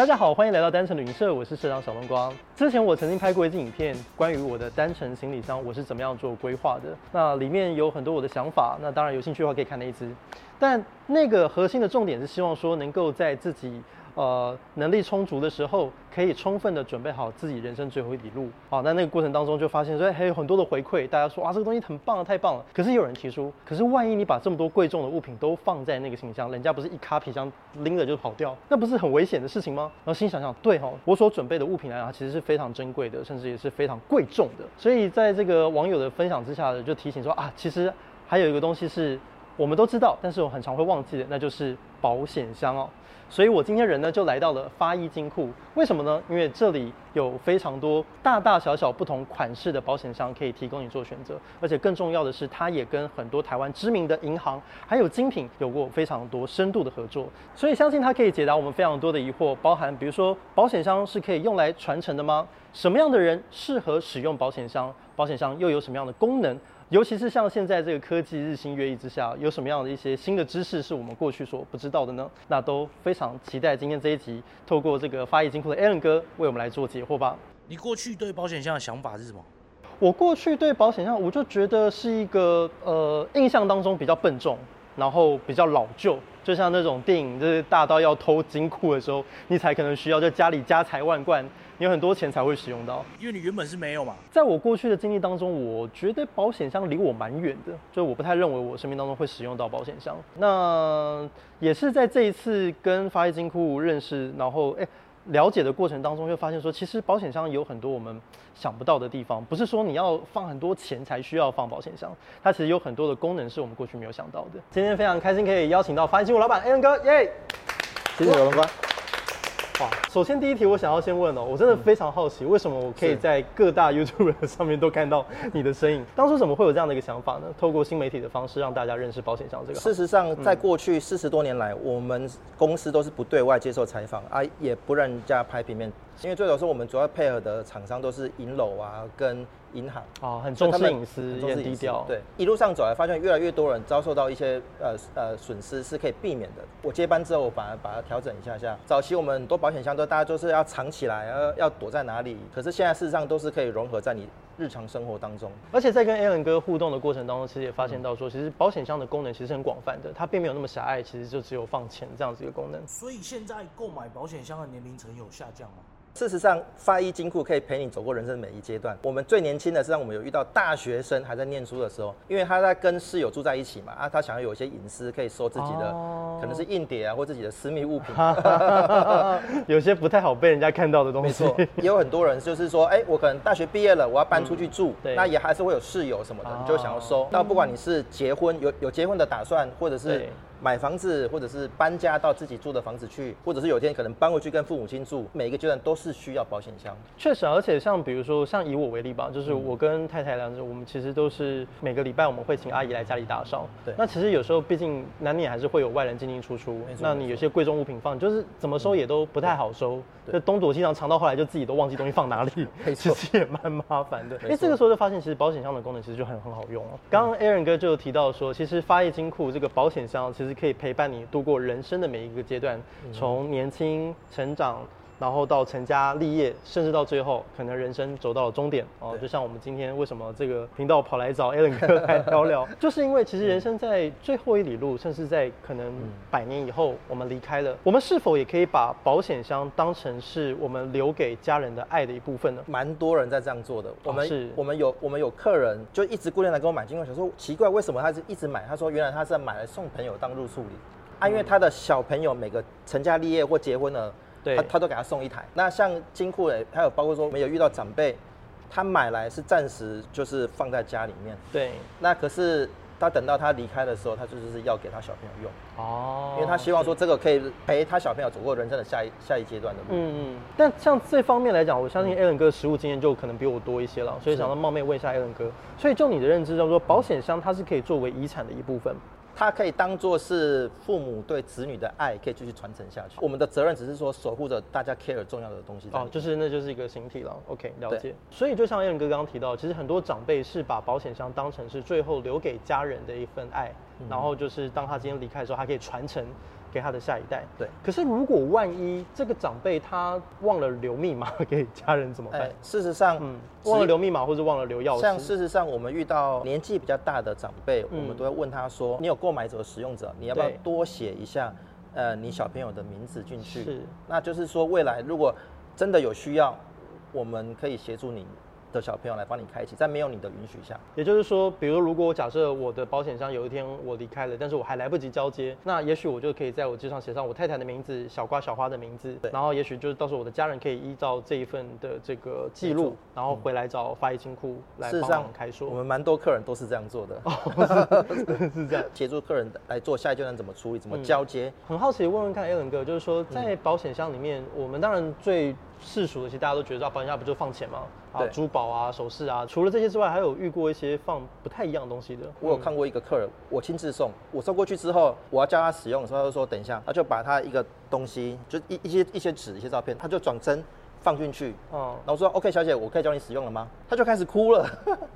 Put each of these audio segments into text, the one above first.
大家好，歡迎來到單程旅行社，我是社長小冬瓜。之前我曾經拍過一支影片，關於我的單程行李箱，我是怎麼樣做規劃的。那裡面有很多我的想法，那當然有興趣的話可以看那一支。但那個核心的重點是希望說能夠在自己。呃，能力充足的時候，可以充分的準備好自己人生最後一里路好。啊，那那個過程當中，就發現說還有很多的回饋，大家說啊，這個東西很棒，太棒了。可是有人提出，可是萬一你把這麼多貴重的物品都放在那個行李箱，人家不是一卡皮箱拎着就跑掉，那不是很危險的事情嗎？然後心想想，對哈。哦，我所準備的物品來講，其實是非常珍貴的，甚至也是非常貴重的。所以在這個網友的分享之下，就提醒說啊，其實還有一個東西是我們都知道，但是我很常會忘記的，那就是保險箱哦。所以我今天人呢就來到了發億金庫，為什麼呢？因為這裡有非常多大大小小不同款式的保險箱可以提供你做選擇，而且更重要的是，它也跟很多台灣知名的銀行還有精品有過非常多深度的合作，所以相信它可以解答我們非常多的疑惑，包含比如說保險箱是可以用來傳承的嗎？什麼樣的人適合使用保險箱？保險箱又有什麼樣的功能？尤其是像現在這個科技日新月異之下，有什麼樣的一些新的知識是我們過去所不知道的呢？那都非常期待今天這一集，透過這個發億金庫的 Alan 哥為我們來做解惑吧。你過去對保險箱的想法是什麼？我過去對保險箱，我就覺得是一個呃，印象當中比較笨重。然後比較老舊，就像那種電影，就是大到要偷金庫的時候，你才可能需要，在家裡家財萬貫，你有很多錢才會使用到，因為你原本是沒有嘛。在我過去的經歷當中，我覺得保險箱離我蠻遠的，就是我不太認為我生命當中會使用到保險箱。那也是在這一次跟發億金庫認識，然後哎。誒了解的過程當中，又發現說，其實保險箱有很多我們想不到的地方，不是說你要放很多錢才需要放保險箱，它其實有很多的功能是我們過去沒有想到的。今天非常開心可以邀請到發億金庫老闆 Alan 哥，耶！謝謝劉龍吧首先第一題我想要先問哦、喔，我真的非常好奇，為什麼我可以在各大 YouTube 上面都看到你的身影？當初怎麼會有這樣的一個想法呢？透過新媒體的方式讓大家認識保險箱這個？事實上，在過去四十多年來，我們公司都是不對外接受採訪啊，也不讓人家拍平面。因為最早時候我們主要配合的廠商都是銀樓啊跟銀，跟銀行啊，很重視隱私，私，也很低調。對，一路上走來，發現越來越多人遭受到一些呃呃損失是可以避免的。我接班之後，我反而把它調整一下一下。早期我們很多保險箱都大家就是要藏起來，要要躲在哪裡？可是現在事實上都是可以融合在你日常生活當中。而且在跟 Alan 哥互動的過程當中，其實也發現到說，其實保險箱的功能其實是很廣泛的，嗯，它並沒有那麼狹隘，其實就只有放錢這樣子一個功能。所以現在購買保險箱的年齡層有下降嗎？事實上，發億金庫可以陪你走過人生的每一階段。我們最年輕的是，讓我們有遇到大學生還在念書的時候，因為他在跟室友住在一起嘛，他、啊、他想要有一些隱私，可以收自己的、哦，可能是硬碟啊，或自己的私密物品，哈哈哈哈哈哈 有些不太好被人家看到的東西。沒錯，也有很多人就是說，哎、欸，我可能大學畢業了，我要搬出去住，嗯、那也還是會有室友什麼的，你、哦、就想要收。那不管你是結婚，有有結婚的打算，或者是。買房子，或者是搬家到自己住的房子去，或者是有一天可能搬回去跟父母親住，每一個階段都是需要保險箱的。確實，而且像比如說像以我為例吧，就是我跟太太兩者、嗯、我們其實都是每個禮拜我們會請阿姨來家裡打掃。對、嗯。那其實有時候畢竟難免還是會有外人進進出出，那你有些貴重物品放就是怎麼收也都不太好收，這、嗯、東躲西藏藏到後來就自己都忘記東西放哪裡，其實也蠻麻煩的。哎，這個時候就發現其實保險箱的功能其實就很很好用。剛、嗯、剛 Alan 哥就有提到說，其實發億金庫這個保險箱其實。可以陪伴你度過人生的每一個階段，從年輕成長。然後到成家立業，甚至到最後，可能人生走到了終點哦。就像我們今天為什麼這個頻道跑來找 Alan 哥來聊聊， 就是因為其實人生在最後一里路，嗯、甚至在可能百年以後我們離開了、嗯，我們是否也可以把保險箱當成是我們留給家人的愛的一部分呢？蠻多人在這樣做的。哦、我們是我們有我們有客人就一直固定來跟我買金光，想說奇怪為什麼他是一直買，他說原來他是買來送朋友當入厝禮，啊，因為他的小朋友每個成家立業或結婚了。對他他都給他送一台。那像金庫的，還有包括說沒有遇到長輩，他買來是暫時就是放在家裡面。對。那可是他等到他離開的時候，他就是是要給他小朋友用。哦。因為他希望說這個可以陪他小朋友走過人生的下一下一階段的路。嗯嗯。但像這方面來講，我相信 Alan 哥的實務經驗就可能比我多一些了，所以想要冒昧問一下 Alan 哥。所以就你的認知就是說，保險箱它是可以作為遺產的一部分。它可以當做是父母對子女的愛，可以繼續傳承下去。哦。我們的責任只是說守護着大家 care 重要的東西。哦，就是那就是一個形體了。OK，了解。所以就像燕哥剛剛提到，其實很多長輩是把保險箱當成是最後留給家人的一份愛。嗯、然後就是，當他今天離開的時候，還可以傳承給他的下一代。對。可是，如果萬一這個長輩他忘了留密碼給家人怎麼辦？哎、事實上，嗯，忘了，忘了留密碼或是忘了留鑰匙。像事實上，我們遇到年紀比較大的長輩，嗯、我們都要問他說：“你有購買者使用者，你要不要多寫一下，呃，你小朋友的名字進去？”是。那就是說，未來如果真的有需要，我們可以協助你。的小朋友來幫你開啟，在沒有你的允許下，也就是說，比如說如果我假設我的保險箱有一天我離開了，但是我還來不及交接，那也許我就可以在我機上寫上我太太的名字、小瓜、小花的名字，然後也許就是到時候我的家人可以依照這一份的這個記錄，然後回來找發億金庫來幫我們開鎖、嗯。我們蠻多客人都是這樣做的，哦、是, 是這樣，協助客人來做下一階段怎麼處理、怎麼交接。嗯、很好奇，問問看，艾倫哥。就是說，在保險箱裡面、嗯，我們當然最。世俗的，其實大家都覺得到保險箱不就放錢嗎？啊，珠寶啊，首飾啊。除了這些之外，還有遇過一些放不太一樣的東西的。我有看過一個客人，我親自送，我送過去之後，我要教他使用的時候，他就說等一下，他就把他一個東西，就一些一些一些紙，一些照片，他就轉針放進去。哦、嗯。然後我說 OK，小姐，我可以教你使用了嗎？他就開始哭了。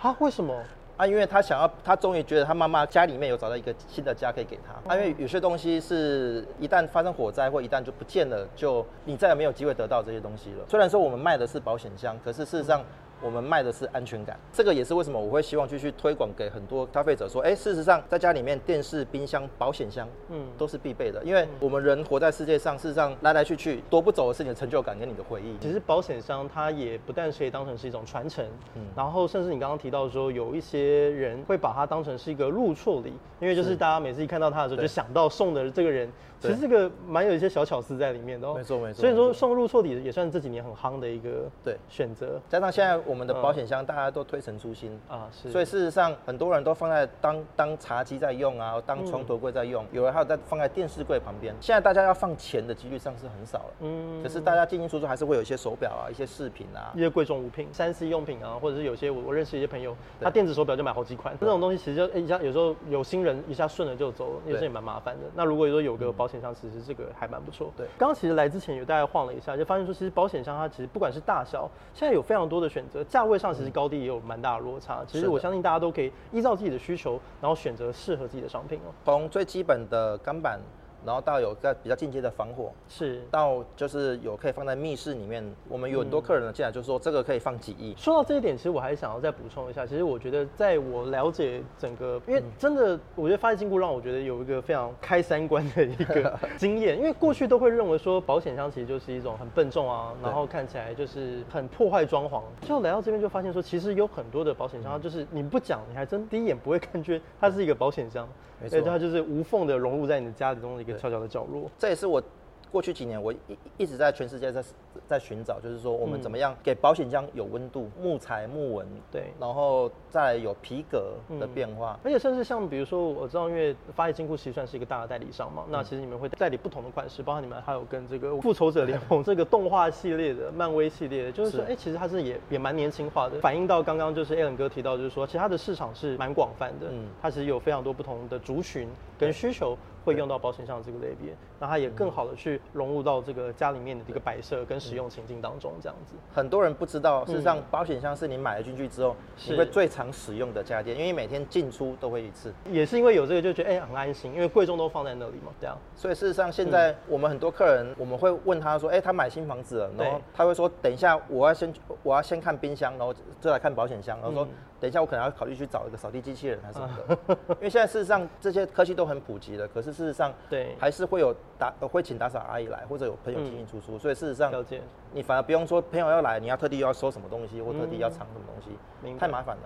啊？ 為什麼？啊，因為他想要，他終於覺得他媽媽家裡面有找到一個新的家可以給他。啊，因為有些東西是一旦發生火災或一旦就不見了，就你再也沒有機會得到這些東西了。雖然說我們賣的是保險箱，可是事實上。我們賣的是安全感，這個也是為什麼我會希望繼續推廣給很多消費者說：哎、欸，事實上，在家裡面，電視、冰箱、保險箱，嗯，都是必備的，因為我們人活在世界上，事實上來來去去，奪不走的是你的成就感跟你的回憶。其實保險箱它也不但是可以當成是一種傳承，嗯，然後甚至你剛剛提到說，有一些人會把它當成是一個入厝禮，因為就是大家每次一看到它的時候，就想到送的這個人。其實這個蠻有一些小巧思在裡面的，哦沒，沒錯沒錯。所以說送入厝禮也算是這幾年很夯的一個選對選擇，加上現在我們的保險箱大家都推陳出新、嗯嗯嗯、啊是，所以事實上很多人都放在當當茶几在用啊，當床頭櫃在用、嗯，有人還有在放在電視櫃旁邊。現在大家要放錢的幾率上是很少了，嗯，可是大家進進出出還是會有一些手表啊，一些飾品啊，一些貴重物品、三 C 用品啊，或者是有些我我認識一些朋友，他電子手表就買好幾款、嗯，這種東西其實就一下、欸、有時候有心人一下順了就走了，其實也蠻麻煩的。那如果說有個保保險箱其實這個還蠻不錯。對，剛剛其實來之前有大概晃了一下，就發現說其實保險箱它其實不管是大小，現在有非常多的選擇，價位上其實高低也有蠻大的落差，嗯。其實我相信大家都可以依照自己的需求，然後選擇適合自己的商品哦。從最基本的鋼板。然後到有在比較進階的防火，是到就是有可以放在密室裡面。我們有很多客人進、嗯、來就說這個可以放幾億。說到這一點，其實我還想要再補充一下，其實我覺得在我了解整個，因為真的我覺得發億金庫讓我覺得有一個非常開三觀的一個經驗， 因為過去都會認為說保險箱其實就是一種很笨重啊，然後看起來就是很破壞裝潢。就來到這邊就發現說，其實有很多的保險箱、嗯、它就是你不講，你還真第一眼不會看出它是一個保險箱，沒、嗯、錯，它就是無縫的融入在你的家的東西。一個小小的角落，這也是我過去幾年我一一直在全世界在在尋找，就是說我們怎麼樣給保險箱有溫度、嗯，木材木紋對，然後再有皮革的變化、嗯，而且甚至像比如說我知道，因為發億金庫其實算是一個大的代理商嘛、嗯，那其實你們會代理不同的款式，包括你們還有跟這個復仇者聯盟這個動畫系列的漫威系列，就是說哎、欸，其實它是也也蠻年輕化的，反映到剛剛就是 Alan 哥提到，就是說其實它的市場是蠻廣泛的、嗯，它其實有非常多不同的族群，跟需求會用到保險箱的這個類別，那它也更好的去融入到這個家裡面的一個擺設跟使用情境當中，這樣子。很多人不知道，事實上保險箱是你買了進去之後，你會最常使用的家電，因為每天進出都會一次。也是因為有這個就覺得誒、欸、很安心，因為貴重都放在那裡嘛，這樣。所以事實上現在我們很多客人，嗯、我們會問他說，誒、欸、他買新房子了，然後他會說，等一下我要先我要先看冰箱，然後再來看保險箱，然後說。嗯等一下，我可能要考慮去找一個掃地機器人還是什麼的，啊、因為現在事實上這些科技都很普及了。可是事實上，對，還是會有打會請打掃阿姨來，或者有朋友進進出出、嗯，所以事實上，了解，你反而不用說朋友要來，你要特地要收什麼東西，或特地要藏什麼東西，嗯、太麻煩了。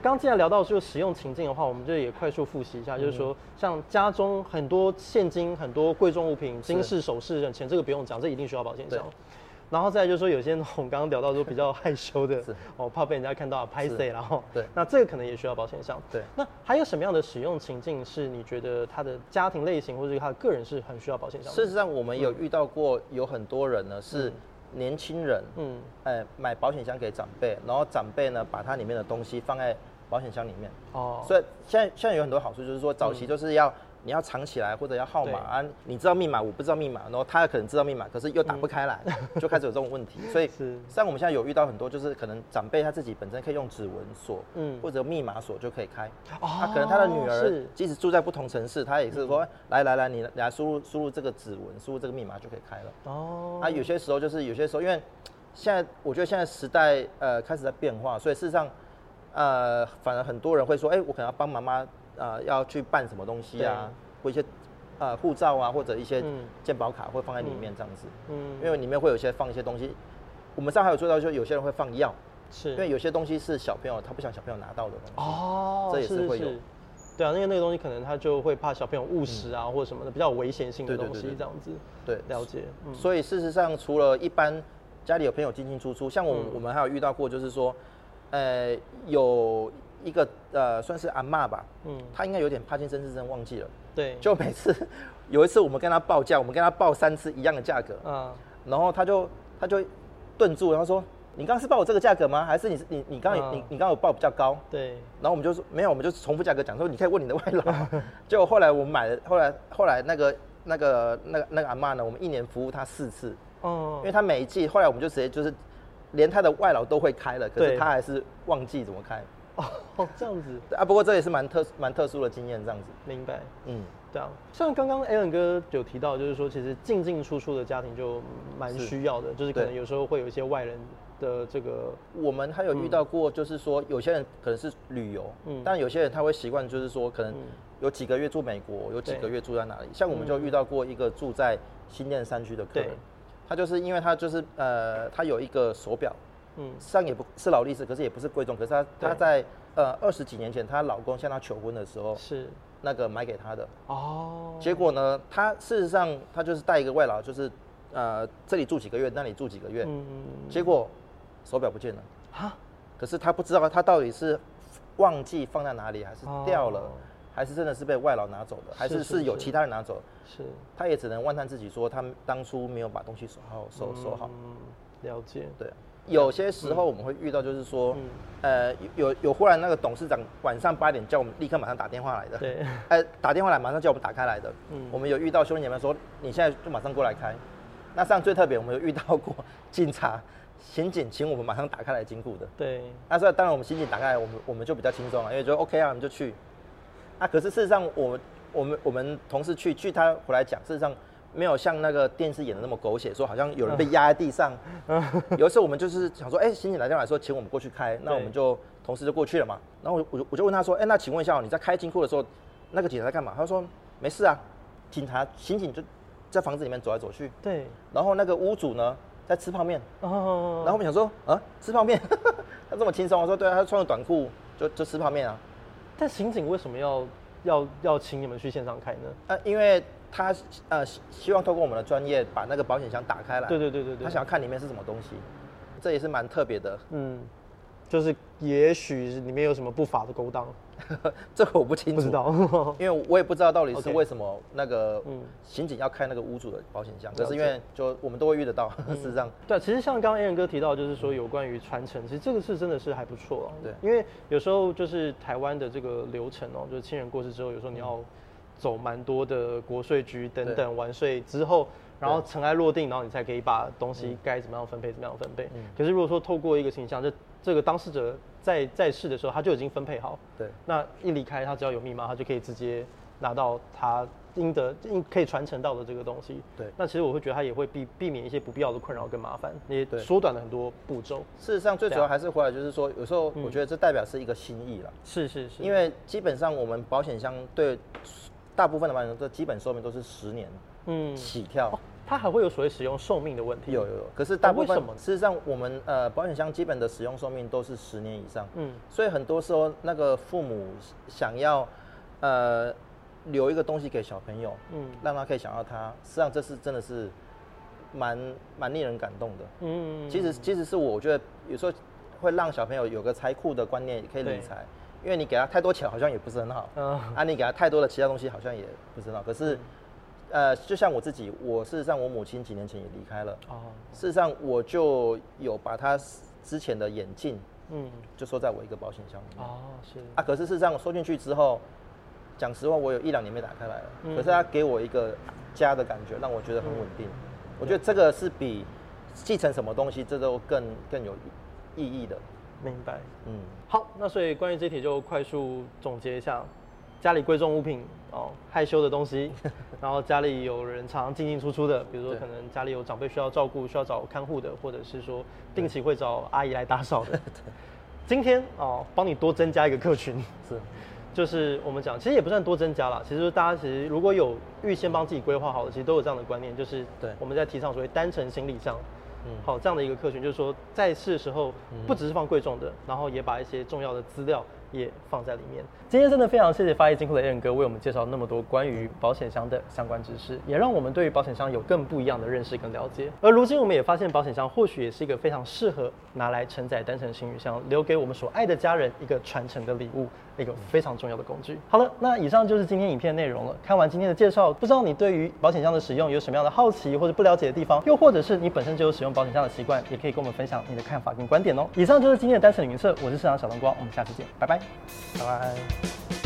剛剛既然聊到就使用情境的話，我們就也快速複習一下、嗯，就是說像家中很多現金、很多貴重物品、金飾、首飾、錢，這個不用講，這一定需要保險箱。然後再來就是說，有些我們剛剛聊到說比較害羞的， 是哦，怕被人家看到拍死。然後對，那這個可能也需要保險箱。對，那還有什麼樣的使用情境是你覺得他的家庭類型或者他的個人是很需要保險箱？事實上，我們有遇到過有很多人呢是年輕人，嗯，哎，買保險箱給長輩，然後長輩呢把它裡面的東西放在保險箱裡面。哦，所以現在現在有很多好處，就是說早期就是要、嗯。你要藏起來，或者要號碼啊？你知道密碼，我不知道密碼，然後他可能知道密碼，可是又打不開來，嗯、 就開始有這種問題。所以，實際上我們現在有遇到很多，就是可能長輩他自己本身可以用指紋鎖，嗯，或者密碼鎖就可以開。他、哦啊、可能他的女兒即使住在不同城市，他也是說、嗯、來來來，你來輸入輸入這個指紋，輸入這個密碼就可以開了。哦，啊，有些時候就是有些時候，因為現在我覺得現在時代呃開始在變化，所以事實上呃，反而很多人會說，哎、欸，我可能要幫媽媽。呃，要去辦什麼東西啊？或一些，呃，護照啊，或者一些健保卡，會放在裡面這樣子。嗯。嗯，因為裡面會有一些放一些東西，我們上海有做到，就是有些人會放藥，是。因為有些東西是小朋友他不想小朋友拿到的東西。哦。這也是會有。是是對啊，因為那個東西可能他就會怕小朋友誤食啊、嗯，或者什麼的，比較有危險性的東西這樣，對對對對這樣子。對，了解。所以、嗯、所以事實上，除了一般家裡有朋友進進出出，像我、嗯、我們還有遇到過，就是說，呃，有。一個呃，算是阿媽吧，嗯，他應該有點帕金森症，真忘記了。對，就每次有一次，我們跟他報價，我們跟他報三次一樣的價格，嗯，然後他就他就頓住，然後說：“你剛剛是報我這個價格嗎？還是你你剛剛、嗯、你剛剛你你剛剛有報我比較高？”對，然後我們就說：“沒有，我們就重複價格講說，你可以問你的外勞，嗯。”就後來我們買了，後來後來那個那個那個那個阿媽呢，我們一年服務他四次，哦、嗯，因為他每一季，後來我們就直接就是連他的外勞都會開了，可是他還是忘記怎麼開。哦、oh，這樣子啊，不過這也是蠻特蠻特殊的經驗，這樣子，明白，嗯，對啊，像剛剛 Alan 哥有提到，就是說其實進進出出的家庭就蠻需要的，就是可能有時候會有一些外人的這個，我們還有遇到過，就是說、嗯、有些人可能是旅遊，嗯，但有些人他會習慣，就是說可能有幾個月住美國，有幾個月住在哪裡，像我們就遇到過一個住在新店山區的客人，他就是因為他就是呃，他有一個手錶。嗯，上也不是勞力士，可是也不是貴重，可是她她在呃二十幾年前，她老公向她求婚的時候是那個買給她的哦。Oh. 結果呢，她事實上她就是帶一個外勞，就是呃這裡住幾個月，那裡住幾個月。嗯、mm -hmm. 結果手表不見了。哈、huh? 可是她不知道她到底是忘記放在哪裡，還是掉了，oh. 還是真的是被外勞拿走的，oh. 還是是有其他人拿走是是是？是。她也只能萬嘆自己說，她當初沒有把東西好好收、哦收，mm -hmm. 收好。了解。對。有些時候我們會遇到，就是說，嗯、呃，有有忽然那個董事長晚上八點叫我們立刻馬上打電話來的，對，呃，打電話來馬上叫我們打開來的，嗯，我們有遇到兄弟姐妹說你現在就馬上過來開，那事實上最特別，我們有遇到過警察、刑警，請我們馬上打開來經過的，對，那所以當然我們刑警打開來，我們我們就比較輕鬆了，因為就 OK 啊，我們就去，啊，可是事實上我們，我我們我們同事去去他回來講，事實上。沒有像那個電視演的那麼狗血，說好像有人被壓在地上。 有一次我們就是想說，哎、欸，刑警來電話來說請我們過去開，那我們就同事就過去了嘛。然後我我就我就問他說，哎、欸，那請問一下、哦、你在開金庫的時候，那個警察在幹嘛？他說沒事啊，警察刑警就在房子裡面走來走去。對。然後那個屋主呢在吃泡麵、哦。然後我們想說啊吃泡麵， 他這麼輕鬆，我說對啊，他穿個短褲就就吃泡麵啊。但刑警為什麼要要要請你們去現場開呢？呃、因為。他呃希望通過我們的專業把那個保險箱打開來，對對對對對，對，他想要看裡面是什麼東西，這也是蠻特別的，嗯，就是也許裡面有什麼不法的勾當， 這個我不清楚，不知道， 因為我也不知道到底是為什麼那個刑警要開那個屋主的保險箱、okay. 嗯，可是因為就我們都會遇得到是這樣，對，其實像剛剛 Alan 哥提到就是說有關於傳承、嗯，其實這個是真的是還不錯、啊，對，因為有時候就是台灣的這個流程哦、喔，就是親人過世之後，有時候、嗯、你要。走蠻多的國稅局等等完稅之後，然後塵埃落定，然後你才可以把東西該怎麼樣分配，嗯、怎麼樣分配、嗯。可是如果說透過一個形象，這這個當事者在在世的時候他就已經分配好，對，那一離開他只要有密碼，他就可以直接拿到他應得應可以傳承到的這個東西。對，那其實我會覺得他也會避避免一些不必要的困擾跟麻煩，也縮短了很多步驟。事實上，最主要還是回來就是說，有時候我覺得這代表是一個心意了。是是是，因為基本上我們保險箱對。大部分的保險箱的基本壽命都是十年，嗯，起跳，哦，它還會有所謂使用壽命的問題？有有有，可是大部分，啊、為什麼？事實上，我們呃保險箱基本的使用壽命都是十年以上，嗯，所以很多時候那個父母想要，呃，留一個東西給小朋友，嗯，讓他可以想要它，實際上這是真的是蠻蠻令人感動的，嗯，嗯，嗯，嗯，其實其實是我，我覺得有時候會讓小朋友有個財庫的觀念，也可以理財。因為你給他太多錢，好像也不是很好。嗯。啊，你給他太多的其他東西，好像也不是很好。可是、嗯，呃，就像我自己，我事實上我母親幾年前也離開了、哦哦。事實上，我就有把他之前的眼鏡，嗯，就收在我一個保險箱裡面。哦，是。啊，可是事實上我收進去之後，講實話，我有一兩年沒打開來了、嗯。可是他給我一個家的感覺，讓我覺得很穩定、嗯。我覺得這個是比繼承什麼東西，這個、都更更有意義的。明白，嗯，好，那所以關於這題就快速總結一下，家裡貴重物品哦，害羞的東西，然後家裡有人常常進進出出的，比如說可能家裡有長輩需要照顧，需要找看護的，或者是說定期會找阿姨來打掃的。對，今天哦，幫你多增加一個客群是，就是我們講其實也不算多增加啦，其實大家其實如果有預先幫自己規劃好的，其實都有這樣的觀念，就是對，我們在提倡所謂單程行李箱。好，這樣的一個客群，就是說，在世的時候，不只是放貴重的、嗯，然後也把一些重要的資料。也放在裡面。今天真的非常謝謝發億金庫的 Alan 哥為我們介紹那麼多關於保險箱的相關知識，也讓我們對於保險箱有更不一樣的認識跟了解。而如今我們也發現，保險箱或許也是一個非常適合拿來承載單程行李箱，留給我們所愛的家人一個傳承的禮物，一個非常重要的工具，嗯。好了，那以上就是今天影片內容了。看完今天的介紹，不知道你對於保險箱的使用有什麼樣的好奇或者不了解的地方，又或者是你本身就有使用保險箱的習慣，也可以跟我們分享你的看法跟觀點哦、喔。以上就是今天的單程雲測，我是社長小冬瓜，我們下次見，拜拜。拜拜。